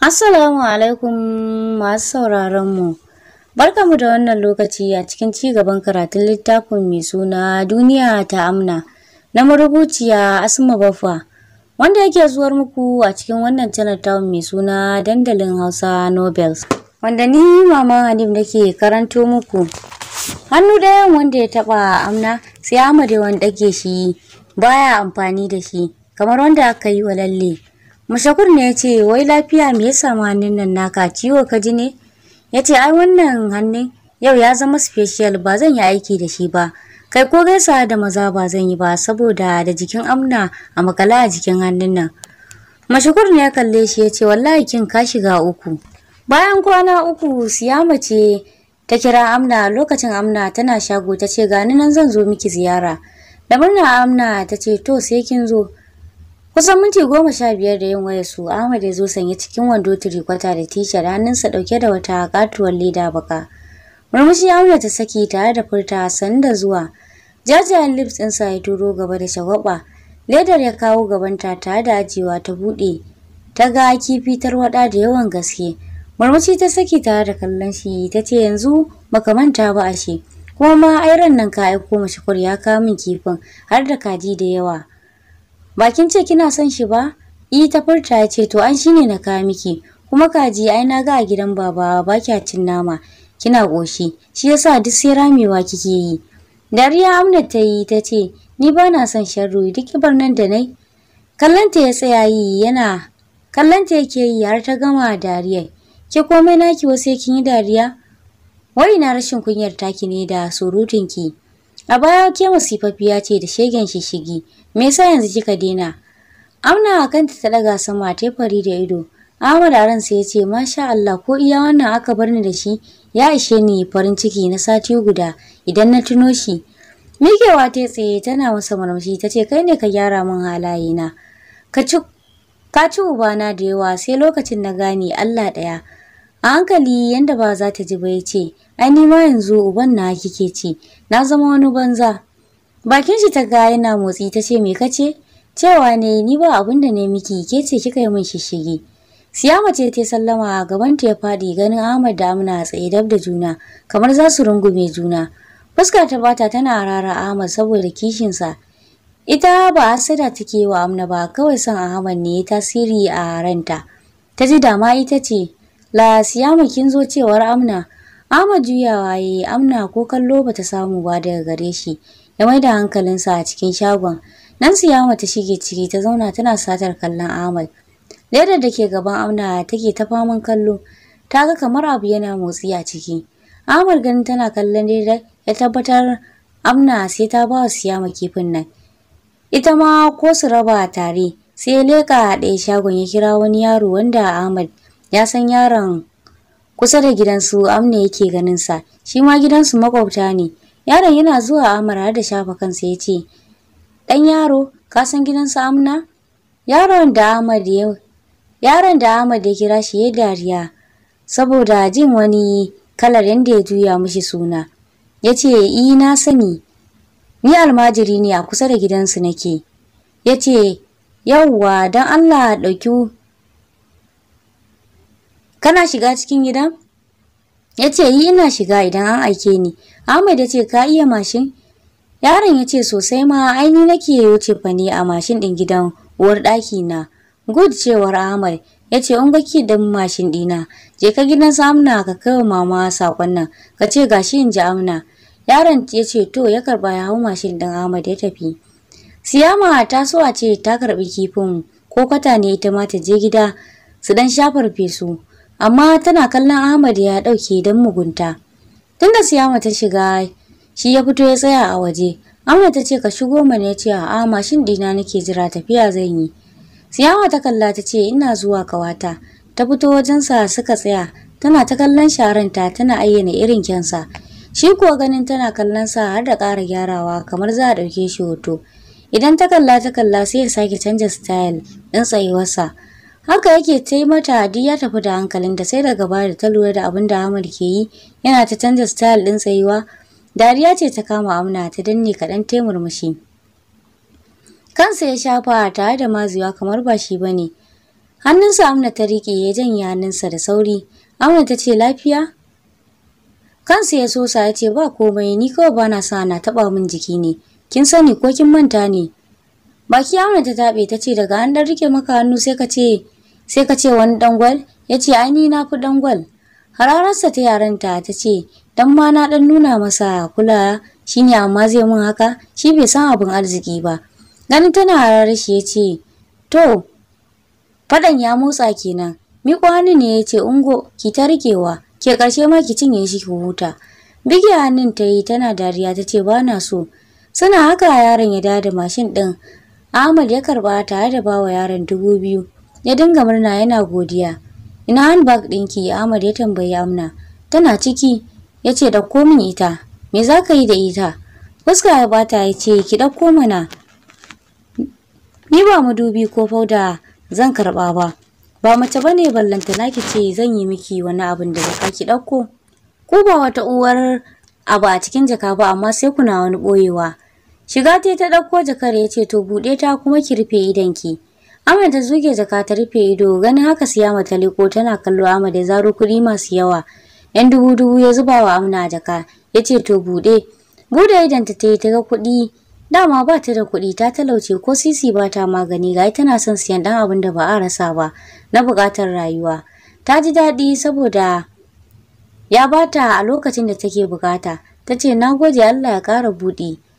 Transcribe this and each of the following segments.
Assalamu alaikum masu sauraronmu. mu da wannan lokaci a cikin ci gaban karatun littafin mai suna Duniya ta Amna na marubuciya Asma Baffa wanda yake zuwar muku a cikin wannan channel tamu mai suna Dandalin Hausa Nobels wanda ni Mama Hanif nake karanto muku. Hannu ɗayan wanda ya taɓa Amna sai Amade wanda ɗage shi baya amfani da shi kamar wanda aka yi wa lalle. Mashakur ne ya ce wai lafiya me ya samu hannun nan naka ciwo ka ji ne? Ya ce ai wannan hannun yau ya zama special ba zan yi aiki da shi ba. Kai ko gaisa da maza ba zan yi ba saboda da jikin amna a makala a jikin hannun nan. Mashakur ne ya kalle shi ya ce wallahi kin ka shiga uku. Bayan kwana uku siya mace ta kira Amna lokacin Amna tana shago ta ce gani nan zan zo miki ziyara. Da murna Amna ta ce to sai kin zo. Kusan minti goma sha biyar da yin waya su Ahmad ya zo sanye cikin wando tirikwata da tishar hannunsa ɗauke da wata katuwar leda baka. Murmushi Ahmad ta saki tare da furta sanda zuwa. Jajayen lips ɗinsa ya turo gaba da shagwaba. Ledar ya kawo gabanta tare da ajiyewa ta buɗe. Ta ga kifi tarwaɗa da yawan gaske. Murmushi ta saki tare da kallon shi ta ce yanzu baka manta ba ashe. Kuma ma airan nan ka aiko mashi ya kawo min kifin har da kaji da yawa. ba kin ce kina son shi ba i e, ta furta ya ce to an shine na kawo miki kuma kaji ai na ga a gidan baba ba kya cin nama kina ƙoshi. shi ya sa duk sai ramewa kike yi dariya amna ta yi ta ce ni ba na son sharru duk kibar nan da nai kallanta ya tsaya yi yana kallanta yake yi har ta gama dariyar Ki komai naki wasu yakin yi dariya wai na rashin kunyar taki ne da surutunki A baya ke ya ce da shegen shishigi, me yasa yanzu kika daina? Amna a kanta ta ɗaga sama ta fari da ido. Ahmad a ransa ya ce, Masha Allah, ko iya wannan aka bar ni da shi, ya ishe ni farin ciki na sati guda idan na tuno shi. Mikewa ta tsaye tana masa murmushi ta ce, Kai ne ka gyara min halayena. Ka ci ubana da yawa sai lokacin na gane Allah ɗaya. A hankali yanda ba za ta ji ba ya ce, ai nima ma yanzu uban na kike ce, na zama wani banza. Bakin shi ta ga yana motsi ta ce me kace? Cewa ne ni ba abin da ne miki ke ce kika yi min shishigi. Siyama ce ta sallama gabanta ya faɗi ganin Ahmad da Amina tsaye dab da juna kamar za su rungume juna. fuska ta bata tana rara Ahmad saboda kishinsa. Ita ba asada take wa Amna ba kawai son Ahmad ne ya tasiri a ranta. Ta ji dama ita ce La siyama kin zo cewar Amna. Ahmad juyawa ya yi Amna ko kallo ba ta samu ba daga gare shi. Ya maida hankalinsa a cikin shagon. Nan siyama ta shige ciki ta zauna tana satar kallon Ahmad. Ledar da ke gaban Amna take ta faman kallo. Ta ga kamar abu yana motsi a ciki. Ahmad ganin tana kallon ledar ya tabbatar Amna sai ta ba siyama kifin nan. Ita ma ko su raba tare sai ya leƙa a ɗaya shagon ya kira wani yaro wanda Ahmad ya san yaron kusa da gidansu Amna yake ganin sa shi ma gidansu makwabta ne yaron yana zuwa amara da shafa kansa ya ce ɗan yaro ka san gidansu amna yaron da ahmad ya yaron da ahmad ya kira shi ya dariya saboda jin wani kalar yadda ya juya mishi suna ya ce i e, na sani ni almajiri ne a kusa da gidansu nake ya ce yauwa don allah ɗauki Kana shiga cikin gidan? Ya ce yi ina shiga idan an aike ni. Ahmed ya ce ka iya mashin? Yaron ya ce sosai ma aini nake wuce fani a mashin ɗin gidan uwar ɗaki na. Gud cewar Ahmad ya ce in baki da mashin ɗina je ka gidan samuna ka kawo mama sakon nan ka ce gashi in ji Amna. Yaron ya ce to ya karba ya hau mashin ɗin Ahmad ya tafi. Siyama ta so a ce ta karɓi kifin ko kwata ne ita ma ta je gida su dan shafar fesu. amma tana kallon Ahmad ya ɗauke dan mugunta. tunda da Siyama ta shiga shi ya fito ya tsaya a waje. Ahmad ta ce ka shigo mana ya ce a mashin ɗina nake jira tafiya zan yi. Siyama ta kalla ta ce ina zuwa kawata. Ta fito wajensa suka tsaya tana ta kallon sharanta tana ayyana irin kyansa. Shi kuwa ganin tana kallon sa har da ƙara gyarawa kamar za a ɗauke shi hoto. Idan ta kalla ta kalla sai ya sake canja style ɗin tsayuwarsa. haka yake ta yi mata hadiya ya tafi da hankalin ta, sai daga bari ta lura da abin da Ahmad ke yi yana ta canza style din tsayuwa dariya ce ta kama amna ta danne kaɗan ta murmushi kansa ya shafa tare da mazuwa kamar ba shi bane hannunsa amna ta riƙe ya janye hannunsa da sauri amna ta ce lafiya kansa ya sosa ya ce ba komai ni kawai bana sa na taɓa min jiki ne kin sani ko kin manta ne baki yaron ta tabe ta ce daga an dan rike maka hannu sai ka ce sai ka ce wani dangwal ya ce ai ni na fi dangwal hararsa ta yaranta ta ce dan ma na dan nuna masa kula shine amma zai mun haka shi bai san abin arziki ba Gani tana harar shi ya ce to faɗan ya motsa kenan miko ne ya ce ungo ki ta rikewa ke karshe ma ki cinye shi ki huta bige hannun ta yi tana dariya ta ce ba so suna haka yaron ya dada mashin ɗin. Ahmad ya karba tare da bawa yaron dubu biyu. Ya dinga murna yana godiya. Ina handbag ɗinki Ahmad ya tambayi Amna. Tana ciki ya ce ɗauko min ita. Me za ka yi da ita? Fuska ya bata ya ce ki ɗauko mana. Ni ba mu dubi ko fauda zan karɓa ba. Ba mace ba ne ballanta naki ce zan yi miki wani abin da ba ki ɗauko. Ko ba wata uwar abu a cikin jaka ba amma sai kuna wani ɓoyewa. Shiga ta ta ɗauko jakar ya ce to buɗe ta kuma ki rufe ki Amma ta zuge jaka ta rufe ido ganin haka siya mata liko tana kallo Amma da zaro kuɗi masu yawa. Yan dubu dubu ya zuba wa Amna jaka ya ce to buɗe. Buɗe idan ta yi ta ga kuɗi dama ba ta da kuɗi ta talauce ko sisi ba ta magani ga tana son siyan ɗan abin da ba a rasa ba na buƙatar rayuwa. Ta ji daɗi saboda ya bata a lokacin da take bukata. Ta ce na gode Allah ya ƙara buɗi.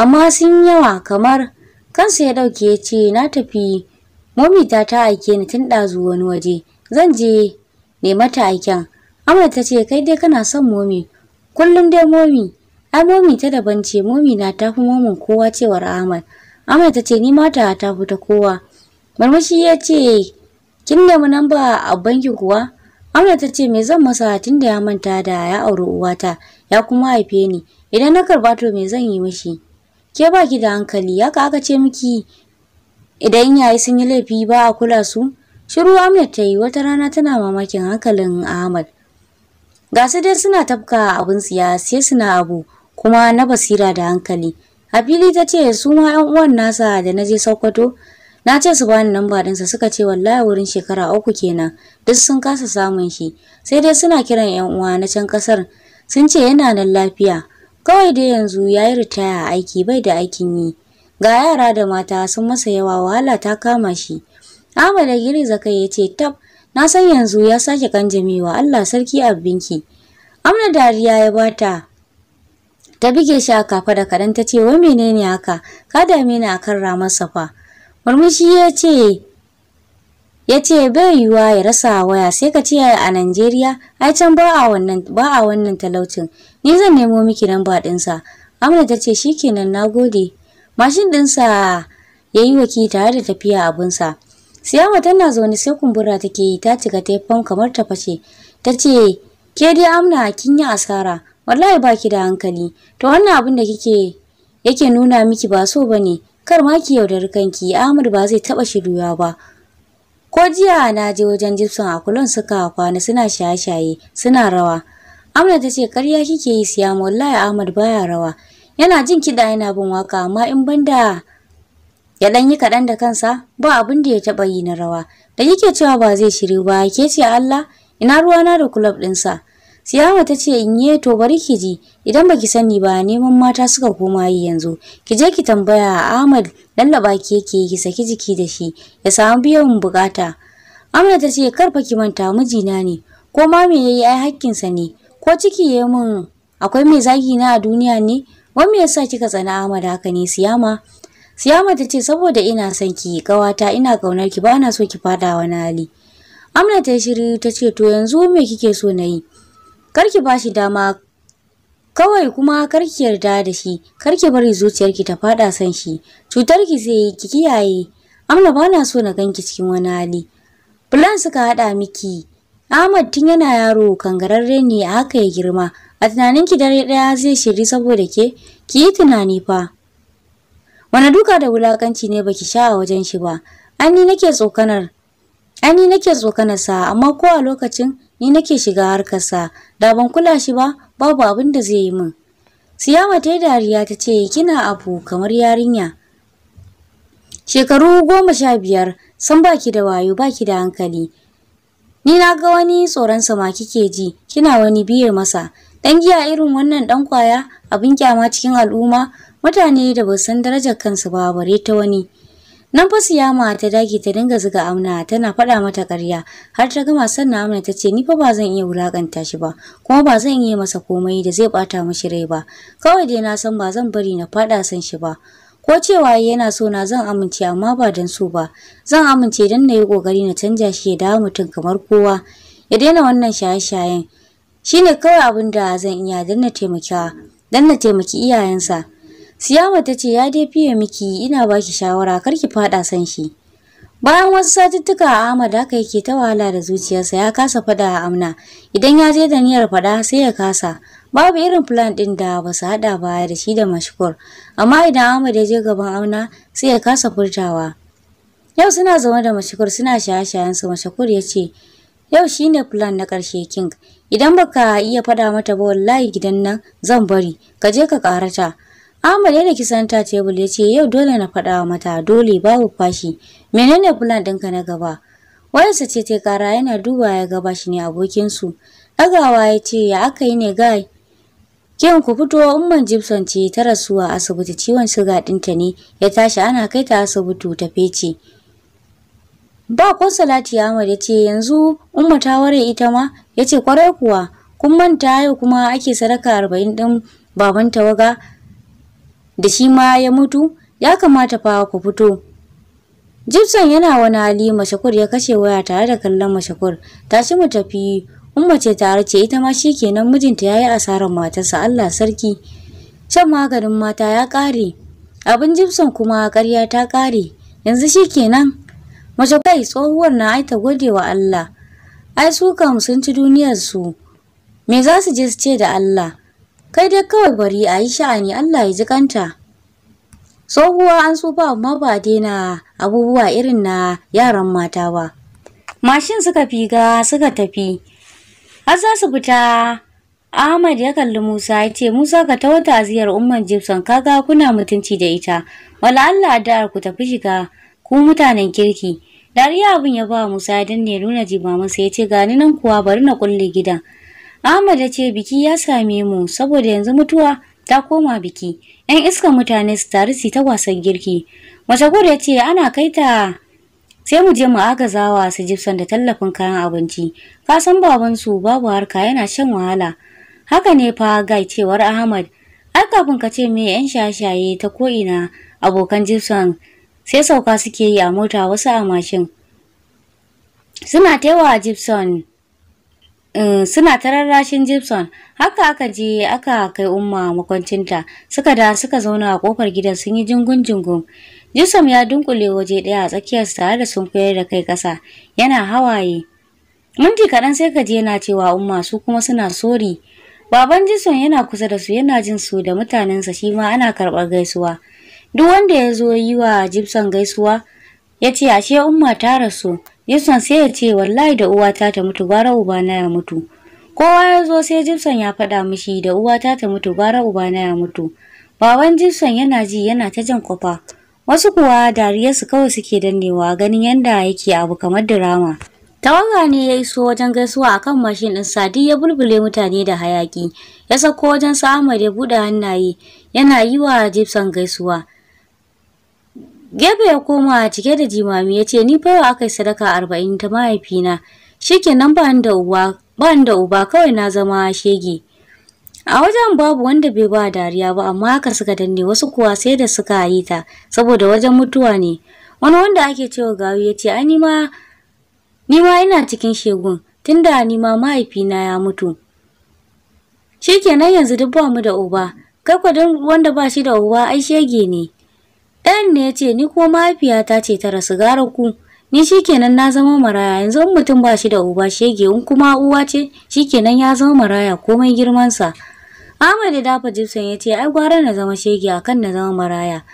amma sun yawa kamar kansa ya ɗauke ya ce na tafi momi ta ta aike ni tun ɗazu wani waje zan je ne mata aiken amma ta ce kai dai kana son momi kullum dai momi ai momi ta daban ce momi na ta fi momin kowa cewar ahmad amma ta ce ni mata ta fi ta kowa murmushi ya ce kin nemi ba a bankin kuwa amma ta ce me zan masa tunda ya manta da ya auri uwata ya kuma haife ni idan na karba to me zan yi mishi ke ba ki da hankali ya ka aka ce miki idan yayi sun yi laifi ba a kula su shiru Ahmed ta yi wata rana tana mamakin hankalin Ahmad ga su dai suna tafka abin siya sai suna abu kuma na basira da hankali a fili ta ce su ma 'yan uwan nasa da na je Sokoto Na ce su bani namba ɗinsa suka ce wallahi wurin shekara uku kenan duk sun kasa samun shi sai dai suna kiran yan uwa na can ƙasar sun ce yana nan lafiya Kawai dai yanzu ya yi ritaya a aiki bai da aikin yi. Ga yara da mata sun masa yawa wahala ta kama shi. Ahmad da giri zakai ya ce tab na san yanzu ya sake kan kanjamewa Allah sarki abinki. Amna dariya ya bata ta bige shi a kafa da kaɗan ta ce wai menene haka ka dame ni akan ramar safa. Murmushi ya ce ya ce bai yiwuwa ya rasa waya sai ka ce a Najeriya ai can ba a wannan talaucin ni zan nemo miki namba ɗinsa amina ta ce shikenan na gode mashin ɗinsa ya yi waki tare da tafiya abinsa siyama tana zaune sai kumbura take yi ta cika taifon kamar ta fashe ta ce ke dai amna kin yi asara wallahi ba ki da hankali to wannan abin da kike yake nuna miki ba so ba ne. kar ma ki yaudari kanki Amir ba zai taba shiruwa ba ko jiya na je wajen jipsun akulon suka kwana suna shaye-shaye suna rawa Amna ta ce ƙarya kike yi siyama wallahi Ahmad baya rawa. Yana jin kiɗa yana bin waka amma in banda ya ɗan yi kaɗan da kansa ba abin da ya taɓa yi na rawa. Da kike cewa ba zai shiri ba ke ce Allah ina ruwana da kulab ɗinsa. Siyama ta ce in ye to bari ki ji idan baki sani ba neman mata suka koma yi yanzu. Ki je ki tambaya Ahmad lallaba ki yake ki saki jiki da shi ya samu biyan bukata. Amna ta ce karfa ki manta mijina ne ko ma me yayi ai hakkinsa ne ko ciki ya mun akwai mai zagi na a duniya ne Wani me yasa kika tsana Ahmad haka ne siyama siyama ta ce saboda ina son ki kawata ina kaunar ki ba na so ki fada wani hali Amna ta shiri ta ce to yanzu me kike so na yi kar ki shi dama kawai kuma kar ki yarda da shi kar ki bari zuciyarki ta fada san shi cutar ki sai ki kiyaye Amna ba na so na ganki cikin wani hali plan suka hada miki Ahmad tun yana yaro kangararre ne a haka ya girma. A tunanin ki dare ɗaya zai shiri saboda ke, ki yi tunani fa. Wani duka da wulakanci ne baki sha a wajen shi ba. An ni nake tsokanar. An nake tsokanar sa amma ko a lokacin ni nake shiga harkar sa. Da ban kula shi ba babu abin da zai yi min. Siyama ta yi dariya ta ce kina abu kamar yarinya. Shekaru goma sha biyar san baki da wayo baki da hankali. Ni na ga wani tsoronsa ma kike ji, kina wani biye masa. Dan giya irin wannan dan kwaya abin kyama cikin al'umma mutane da ba san darajar kansu ba bare ta wani. Nan fa siyama ta dage ta dinga zuga amna tana faɗa mata ƙarya har ta gama sannan amna ta ce ni fa ba zan iya wulakanta shi ba kuma ba zan iya masa komai da zai bata mishi rai ba kawai dai na san ba zan bari na faɗa san shi ba ko cewa yana so na zan amince amma ba dan so ba zan amince dan na yi ƙoƙari na canja shi ya dawo mutum kamar kowa ya daina wannan shaye-shayen shine kawai abin da zan iya dan na taimaka dan na taimaki iyayensa siyama ta ce ya dai fiye miki ina baki shawara kar ki faɗa san shi bayan wasu satuttuka a Ahmad haka yake ta wahala da zuciyarsa ya kasa faɗa a Amna idan ya je da niyyar faɗa sai ya kasa babu irin plan ɗin da ba su haɗa baya da shi da mashkur amma idan Ahmad ya je gaban auna sai ya kasa furtawa yau suna zaune da mashkur suna shaye-shayen su mashkur ya ce yau shine plan na karshe king idan baka iya faɗa mata ba wallahi gidan nan zan bari ka je ka ƙarata Ahmad ya daki santa tebul ya ce yau dole na faɗa mata dole babu fashi menene plan ɗinka na gaba wayarsa ce ta kara yana duba ya gaba shi ne abokinsu ɗagawa ya ce ya aka yi ne gai Kiyon ku fito umman Gibson ce ta a asibiti ciwon suga ɗinta ne ya tashi ana kai ta asibiti ta fece. Ba Salati Ahmad ya ce yanzu umma ta ware ita ma yace ce kwarai kuwa kun manta yau kuma ake sadaka arba'in ɗin baban tawaga da shi ma ya mutu ya kamata fa ku fito. Gibson yana wani hali mashakur ya kashe waya tare da kallon mashakur tashi mu tafi in mace tare ce ita ma shi kenan mijinta ya yi asarar matarsa Allah sarki shan maganin mata ya ƙare abin jibson kuma karya ta ƙare yanzu shi kenan mace kai tsohuwar na ai ta gode wa Allah ai su kam sun ci duniyarsu me za su je su ce da Allah kai dai kawai bari a yi sha'ani Allah ya ji kanta tsohuwa an ba amma ba daina abubuwa irin na yaran mata ba mashin suka fi ga suka tafi har za su fita Ahmad ya kalli Musa ya ce Musa ka ta wata aziyar umman Gibson kaga kuna mutunci da ita wala Allah da ku tafi shiga ku mutanen kirki dariya abin ya ba Musa ya danne nuna sai ya ce gani nan kuwa bari na kulle gida Ahmad ya ce biki ya same mu saboda yanzu mutuwa ta koma biki. ‘Yan iska mutane su taru su ta wasan girki. Mace ya ce ana kaita sai mu je mu agazawa su jibson da tallafin kayan abinci ka san baban su babu harka yana shan wahala haka ne fa ga cewar ahmad ai kafin ka ce me yan shashaye ta ko'ina abokan jibson sai sauka suke yi a mota wasu a mashin suna taiwa jibson eh, suna ta rarrashin haka aka je aka kai umma makwancinta suka da suka zauna a kofar gidan sun yi jingun jingun Yusuf ya dunkule waje ɗaya a tsakiyarsa tare da sun koyar da kai ƙasa, yana hawaye. Minti kaɗan sai ka je yana cewa umma su kuma suna sori. Baban Jison yana kusa da su yana jin su da mutanensa shi ma ana karɓar gaisuwa. Duk wanda ya zo yi wa Jibson gaisuwa ya ce ashe umma ta rasu. Jibson sai ya ce wallahi da uwata ta mutu uba na ya mutu. Kowa ya zo sai Jibson ya faɗa mishi da uwata ta mutu uba na ya mutu. Baban Jibson yana ji yana ta jan kwafa. wasu kuwa dariyarsu kawai suke dannewa ganin yadda yake abu kamar dirama. Tawaga ne ya iso wajen gaisuwa a kan mashin ɗin Sadi ya bulbule mutane da hayaki. Ya sako wajen sa Ahmad ya buɗe hannaye yana yi wa Gibson gaisuwa. Gebe ya koma cike da jimami ya ce ni fa aka yi sadaka arba'in ta mahaifina. Shikenan ba ni da uba kawai na zama shege. A wajen babu wanda bai ba dariya ba amma haka suka danne wasu kuwa sai da suka yi ta saboda wajen mutuwa ne. Wani wanda ake cewa gawi ya ce a ni ma ina cikin shegun tunda ni ma mahaifina ya mutu. Shikenan yanzu duk ba mu da uba. Kai kwa wanda ba shi da uba ai shege ne. Ɗan ne ya ce ni ko mahaifiyata ce ta rasu gara ku. Ni shikenan na zama maraya yanzu mutum ba shi da uba shege in kuma uwa ce shi kenan ya zama maraya komai girmansa. Ahmad ya dafa Gibson ya ce ai gwara na zama shege akan na zama maraya.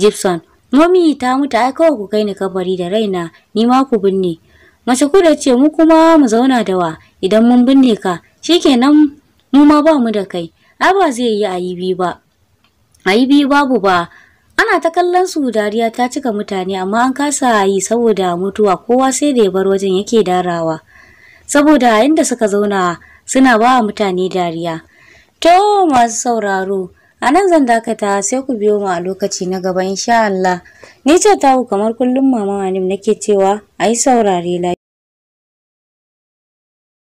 Gibson, Mami ta mutu ai kawai ku kai ni kabari da raina, ni ma ku binne. Mace kuda ce mu kuma mu zauna da wa idan mun binne ka, shikenan mu ma ba mu da kai. Ai ba zai yi ayi bi ba. Ayi bi babu ba. Ana ta kallon su dariya ta cika mutane amma an kasa yi saboda mutuwa kowa sai da ya bar wajen yake darawa. Saboda inda suka zauna suna ba mutane dariya. To masu sauraro, a nan zan dakata sai ku biyo mu a lokaci na gaba insha Allah. Ni ce ku kamar kullum Mama Anim nake cewa a saurare lafiya.